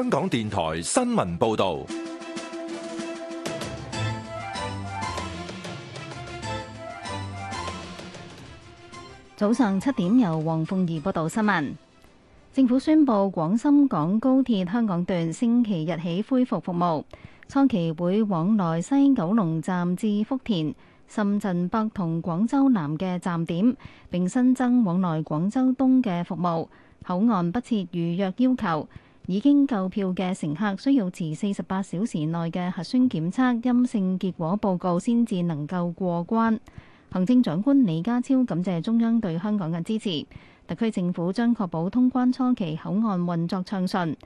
香港電台新聞報道，早上七點由黃鳳儀報道新聞。政府宣佈廣深港高鐵香港段星期日起恢復服務，初期會往來西九龍站至福田、深圳北同廣州南嘅站點，並新增往來廣州東嘅服務，口岸不設預約要求。已經購票嘅乘客需要持四十八小時內嘅核酸檢測陰性結果報告先至能夠過關。行政長官李家超感謝中央對香港嘅支持，特區政府將確保通關初期口岸運作暢順。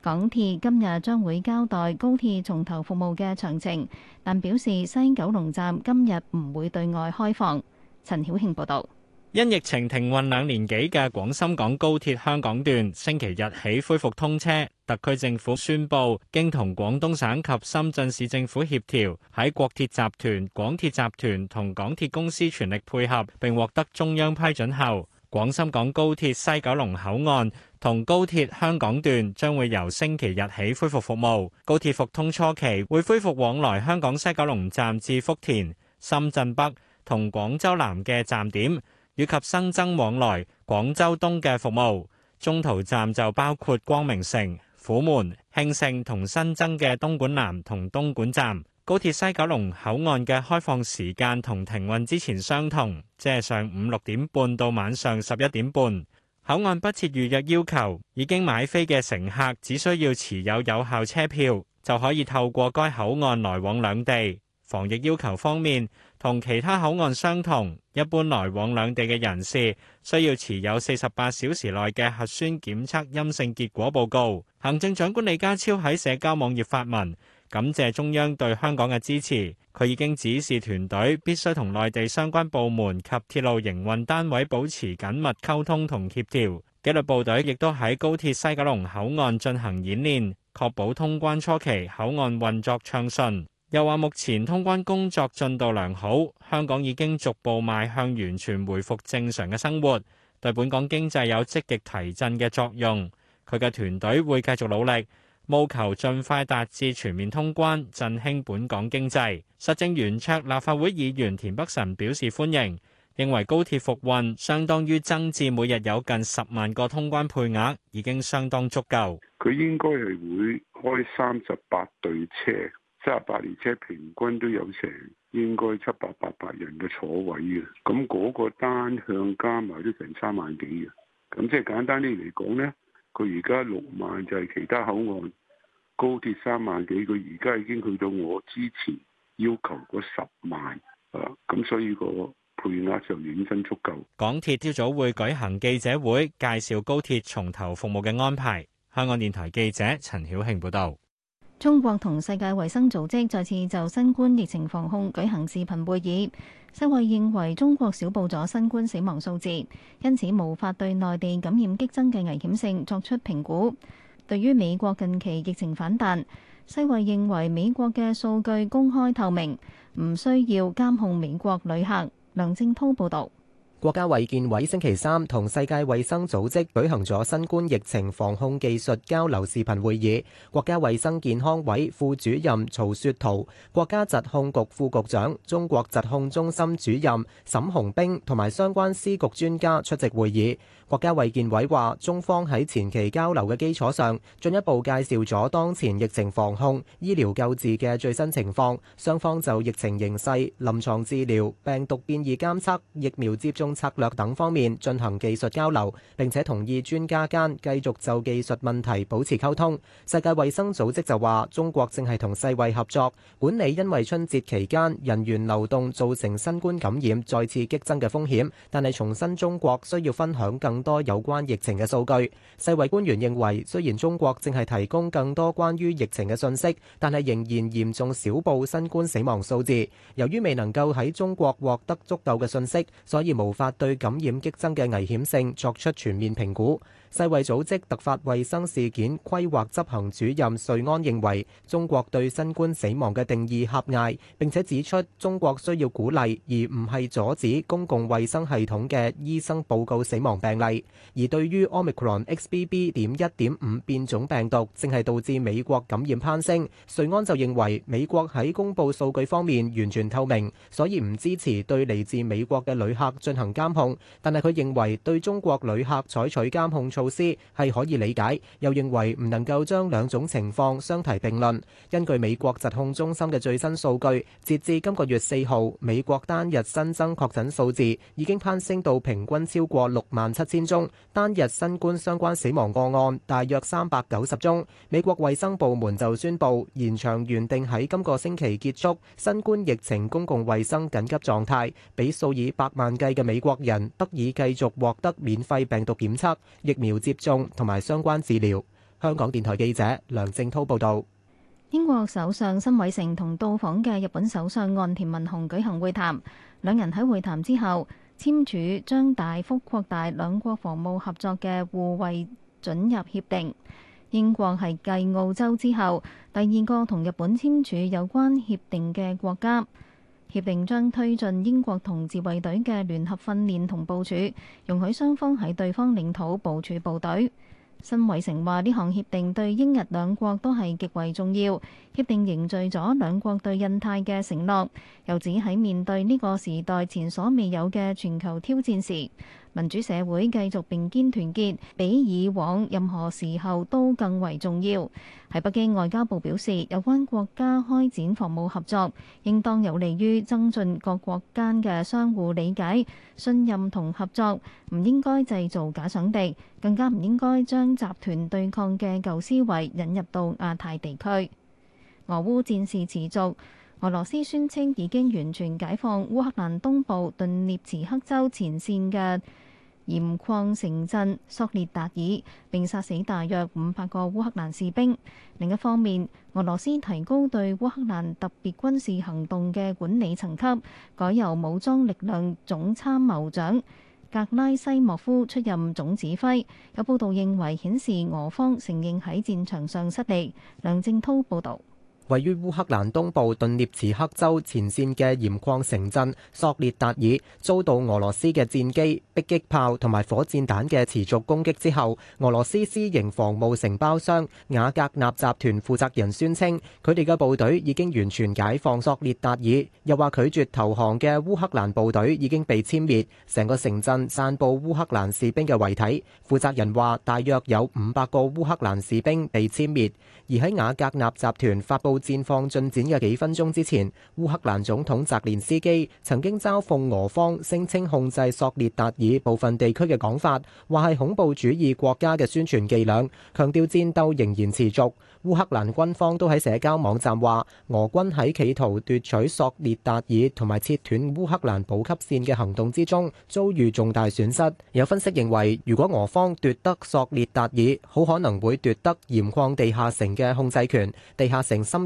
港鐵今日將會交代高鐵重頭服務嘅詳情，但表示西九龍站今日唔會對外開放。陳曉慶報道。因疫情停運兩年幾嘅廣深港高鐵香港段，星期日起恢復通車。特區政府宣佈，經同廣東省及深圳市政府協調，喺國鐵集團、廣鐵集團同港鐵公司全力配合，並獲得中央批准後，廣深港高鐵西九龍口岸同高鐵香港段將會由星期日起恢復服務。高鐵復通初期會恢復往來香港西九龍站至福田、深圳北同廣州南嘅站點。以及新增往來廣州東嘅服務，中途站就包括光明城、虎門、慶盛同新增嘅東莞南同東莞站。高鐵西九龍口岸嘅開放時間同停運之前相同，即係上午六點半到晚上十一點半。口岸不設預約要求，已經買飛嘅乘客只需要持有有效車票就可以透過該口岸來往兩地。防疫要求方面，同其他口岸相同，一般來往兩地嘅人士需要持有四十八小時內嘅核酸檢測陰性結果報告。行政長官李家超喺社交網頁發文，感謝中央對香港嘅支持。佢已經指示團隊必須同內地相關部門及鐵路營運單位保持緊密溝通同協調。紀律部隊亦都喺高鐵西九龍口岸進行演練，確保通關初期口岸運作暢順。又話目前通關工作進度良好，香港已經逐步邁向完全回復正常嘅生活，對本港經濟有積極提振嘅作用。佢嘅團隊會繼續努力，務求盡快達至全面通關，振興本港經濟。實政圓桌立法會議員田北辰表示歡迎，認為高鐵復運相當於增至每日有近十萬個通關配額，已經相當足夠。佢應該係會開三十八對車。三十八列車平均都有成應該七八百人嘅坐位嘅，咁嗰個單向加埋都成三萬幾嘅，咁即係簡單啲嚟講呢，佢而家六萬，就係其他口岸高鐵三萬幾，佢而家已經去到我之前要求嗰十萬啊，咁所以個配額就遠真足夠。港鐵朝早會舉行記者會，介紹高鐵重頭服務嘅安排。香港電台記者陳曉慶報道。中國同世界衛生組織再次就新冠疫情防控舉行視頻會議。世衛認為中國少報咗新冠死亡數字，因此無法對內地感染激增嘅危險性作出評估。對於美國近期疫情反彈，世衛認為美國嘅數據公開透明，唔需要監控美國旅客。梁正濤報道。國家衛健委星期三同世界衛生組織舉行咗新冠疫情防控技術交流視頻會議，國家衛生健康委副主任曹雪濤、國家疾控局副局長，中國疾控中心主任沈洪兵同埋相關司局專家出席會議。國家衛健委話中方喺前期交流嘅基礎上，進一步介紹咗當前疫情防控、醫療救治嘅最新情況，雙方就疫情形勢、臨牀治療、病毒變異監測、疫苗接種策略等方面進行技術交流，並且同意專家間繼續就技術問題保持溝通。世界衛生組織就話：中國正係同世衛合作，管理因為春節期間人員流動造成新冠感染再次激增嘅風險。但係，重申中國需要分享更多有關疫情嘅數據。世衛官員認為，雖然中國正係提供更多關於疫情嘅信息，但係仍然嚴重少報新冠死亡數字。由於未能夠喺中國獲得足夠嘅信息，所以無法對感染激增嘅危險性作出全面評估。世衛組織突發衛生事件規劃執行主任瑞安認為，中國對新冠死亡嘅定義狹隘，並且指出中國需要鼓勵而唔係阻止公共衛生系統嘅醫生報告死亡病例。而對於 Omicron XBB.1.5 變種病毒正係導致美國感染攀升，瑞安就認為美國喺公佈數據方面完全透明，所以唔支持對嚟自美國嘅旅客進行。監控，但係佢認為對中國旅客採取監控措施係可以理解，又認為唔能夠將兩種情況相提並論。根據美國疾控中心嘅最新數據，截至今個月四號，美國單日新增確診數字已經攀升到平均超過六萬七千宗，單日新冠相關死亡個案大約三百九十宗。美國衛生部門就宣佈延長原定喺今個星期結束新冠疫情公共衛生緊急狀態，比數以百萬計嘅美。美國人得以繼續獲得免費病毒檢測、疫苗接種同埋相關治療。香港電台記者梁正滔報導。英國首相辛偉誠同到訪嘅日本首相岸田文雄舉行會談，兩人喺會談之後簽署將大幅擴大兩國防務合作嘅互惠准入協定。英國係繼澳洲之後第二個同日本簽署有關協定嘅國家。協定將推進英國同自衛隊嘅聯合訓練同部署，容許雙方喺對方領土部署部隊。辛偉誠話：呢項協定對英日兩國都係極為重要，協定凝聚咗兩國對印太嘅承諾，又指喺面對呢個時代前所未有嘅全球挑戰時。民主社會繼續並肩團結，比以往任何時候都更為重要。喺北京外交部表示，有關國家開展防務合作，應當有利於增進各國間嘅相互理解、信任同合作，唔應該製造假想敵，更加唔應該將集團對抗嘅舊思維引入到亞太地區。俄烏戰事持續，俄羅斯宣稱已經完全解放烏克蘭東部頓涅茨克州前線嘅鹽礦城鎮索列達爾，並殺死大約五百個烏克蘭士兵。另一方面，俄羅斯提高對烏克蘭特別軍事行動嘅管理層級，改由武裝力量總參謀長格拉西莫夫出任總指揮。有報道認為顯示俄方承認喺戰場上失利。梁正濤報道。位於烏克蘭東部頓涅茨克州前線嘅鹽礦城鎮索列達爾遭到俄羅斯嘅戰機、迫擊炮同埋火箭彈嘅持續攻擊之後，俄羅斯私營防務承包商雅格納集團負責人宣稱，佢哋嘅部隊已經完全解放索列達爾，又話拒絕投降嘅烏克蘭部隊已經被殲滅，成個城鎮散布烏克蘭士兵嘅遺體。負責人話，大約有五百個烏克蘭士兵被殲滅，而喺雅格納集團發布戰況進展嘅幾分鐘之前，烏克蘭總統澤連斯基曾經嘲諷俄方聲稱控制索列達爾部分地區嘅講法，話係恐怖主義國家嘅宣傳伎倆，強調戰鬥仍然持續。烏克蘭軍方都喺社交網站話，俄軍喺企圖奪取索列達爾同埋切斷烏克蘭補給線嘅行動之中遭遇重大損失。有分析認為，如果俄方奪得索列達爾，好可能會奪得鹽礦地下城嘅控制權，地下城深。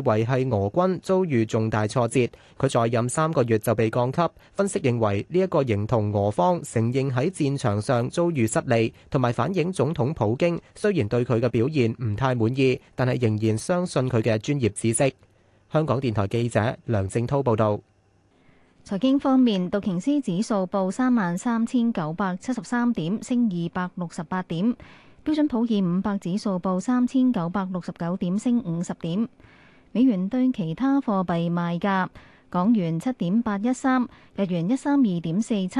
維係俄軍遭遇重大挫折，佢在任三個月就被降級。分析認為呢一個形同俄方承認喺戰場上遭遇失利，同埋反映總統普京雖然對佢嘅表現唔太滿意，但係仍然相信佢嘅專業知識。香港電台記者梁正濤報道。財經方面，道瓊斯指數報三萬三千九百七十三點，升二百六十八點；標準普爾五百指數報三千九百六十九點，升五十點。美元對其他貨幣賣價：港元七點八一三，日元一三二點四七，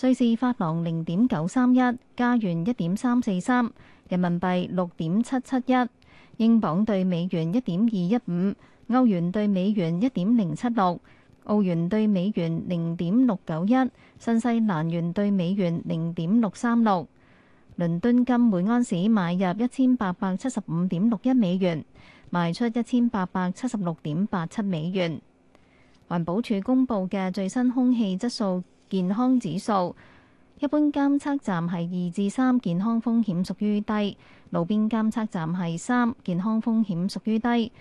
瑞士法郎零點九三一，加元一點三四三，人民幣六點七七一，英鎊對美元一點二一五，歐元對美元一點零七六，澳元對美元零點六九一，新西蘭元對美元零點六三六。倫敦金每安士買入一千八百七十五點六一美元。賣出一千八百七十六點八七美元。環保署公布嘅最新空氣質素健康指數，一般監測站係二至三，健康風險屬於低；路邊監測站係三，健康風險屬於低。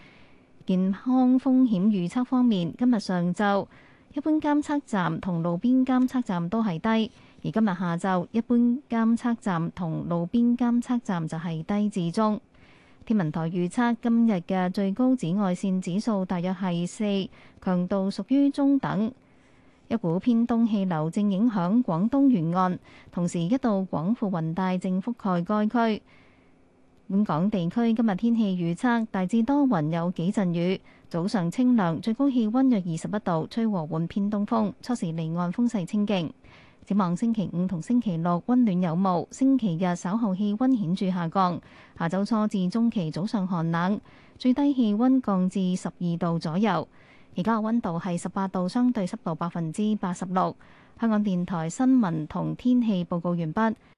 健康風險預測方面，今日上晝一般監測站同路邊監測站都係低，而今日下晝一般監測站同路邊監測站就係低至中。天文台預測今日嘅最高紫外線指數大約係四，強度屬於中等。一股偏東氣流正影響廣東沿岸，同時一度廣闊雲帶正覆蓋該區。本港地區今日天氣預測大致多雲，有幾陣雨。早上清涼，最高氣溫約二十一度，吹和緩偏東風，初時離岸風勢清勁。展望星期五同星期六溫暖有霧，星期日稍後氣溫顯著下降，下週初至中期早上寒冷，最低氣溫降至十二度左右。而家嘅溫度係十八度，相對濕度百分之八十六。香港電台新聞同天氣報告完畢。